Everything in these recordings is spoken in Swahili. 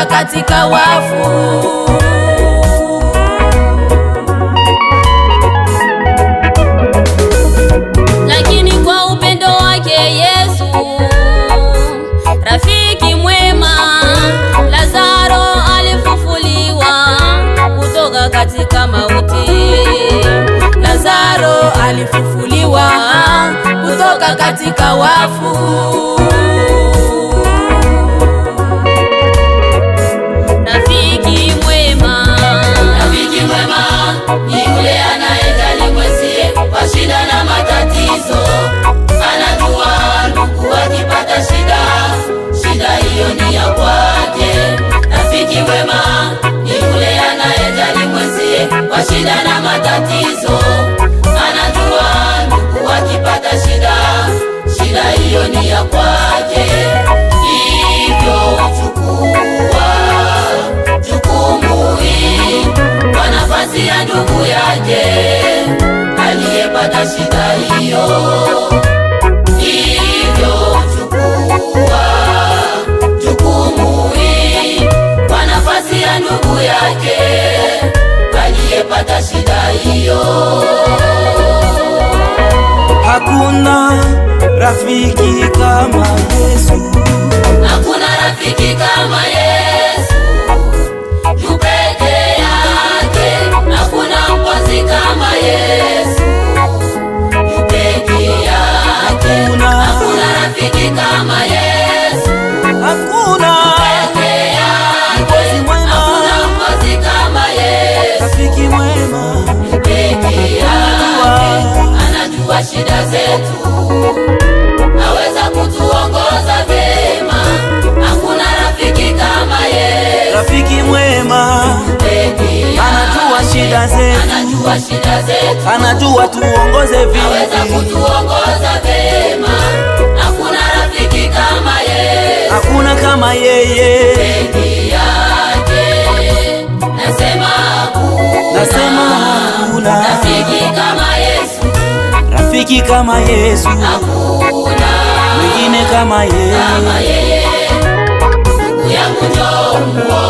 kutoka katika wafu. Lakini kwa upendo wake Yesu, rafiki mwema, Lazaro alifufuliwa kutoka katika mauti. Lazaro alifufuliwa kutoka katika wafu. shida na matatizo, anajua ndugu akipata shida, shida hiyo ni ya kwake, hivyo uchukua jukumu hii kwa nafasi ya ndugu yake aliyepata shida hiyo, hivyo uchukua kwa nafasi ya yake kupata shida hiyo. Hakuna rafiki kama Yesu. shida zetu, anajua tuongoze vipi, kutuongoza vema. Hakuna rafiki kama yeye, hakuna kama yeye Nasema hakuna, rafiki kama Yesu, kama hakuna mwingine kama kama yeye. Ndugu yangu njoo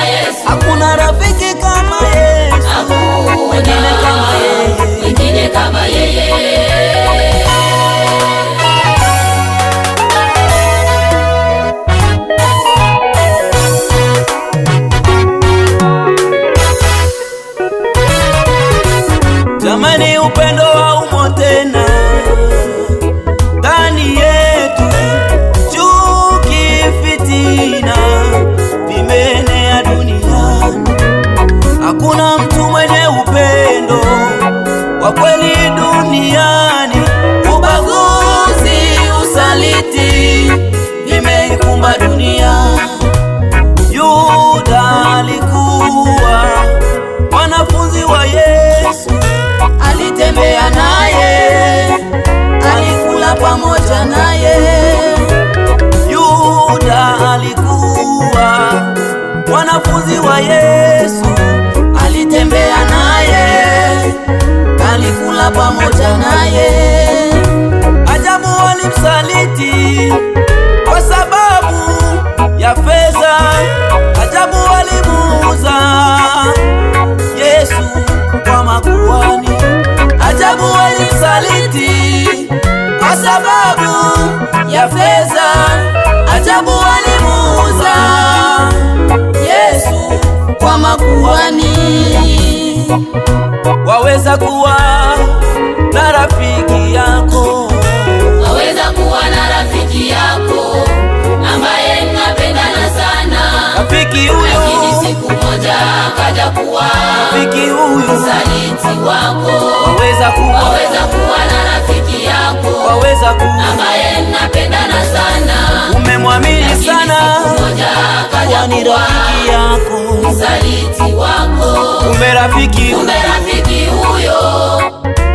tama yeye msaliti kwa sababu ya fedha, ajabu walimuuza Yesu kwa makuhani. Waweza kuwa na rafiki yako waweza kuwa na rafiki yako sana, rafiki rafiki msaliti wako waweza kuwa, waweza kuwa na rafiki yako, waweza kuwa ambaye mnapendana sana, umemwamini sana, kuwa ni rafiki yako, msaliti wako, kumbe rafiki, kumbe rafiki huyo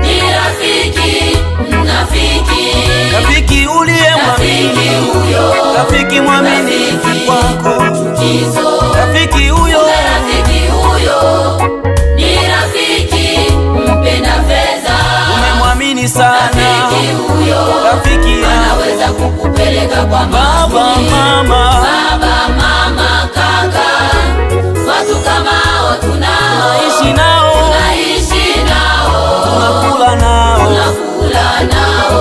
ni rafiki mnafiki, rafiki uliyemwamini, rafiki mwamini wako, rafiki huyo kupeleka kwa baba mama, baba mama, kaka, watu kama hao tunao, tunaishi nao, tunakula nao, tunakula nao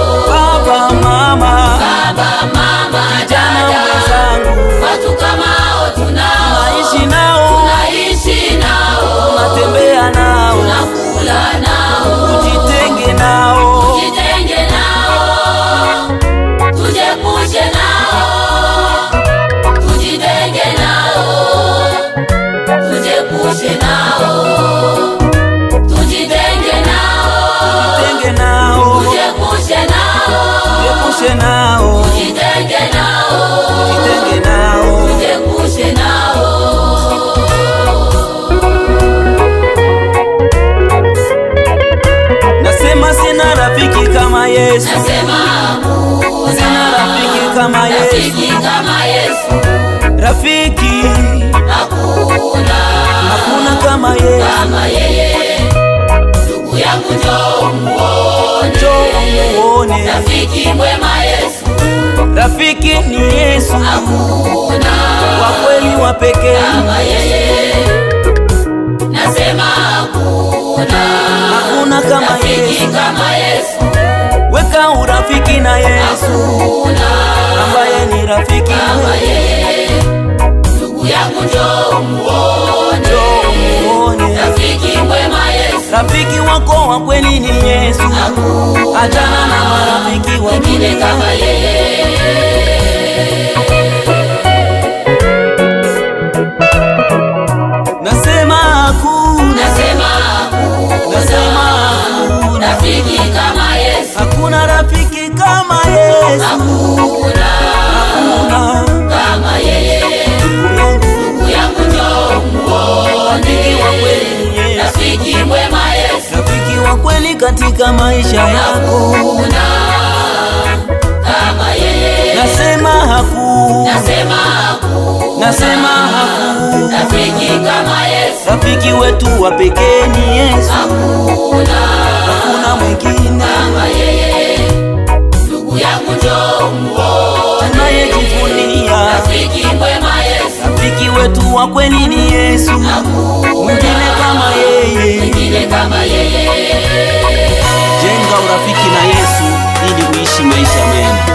rafiki hakuna, hakuna kama yeye, kama yeye. Ndugu yangu njoo muone, njoo muone rafiki mwema Yesu, rafiki ni Yesu, hakuna wa kweli wa pekee kama yeye, nasema hakuna, hakuna kama rafiki kama Yesu, weka urafiki na Yesu wa kweli ni Yesu. Achana na marafiki wengine kama yeye. kweli katika maisha yako. Nasema hakuna, nasema hakuna, nasema hakuna rafiki kama Yesu. Rafiki wetu wa pekee ni Yesu, hakuna mwingine kama yeye. Ndugu yangu njoo wa kweli ni Yesu, mwingine kama yeye. Jenga urafiki na Yesu ili uishi maisha mema.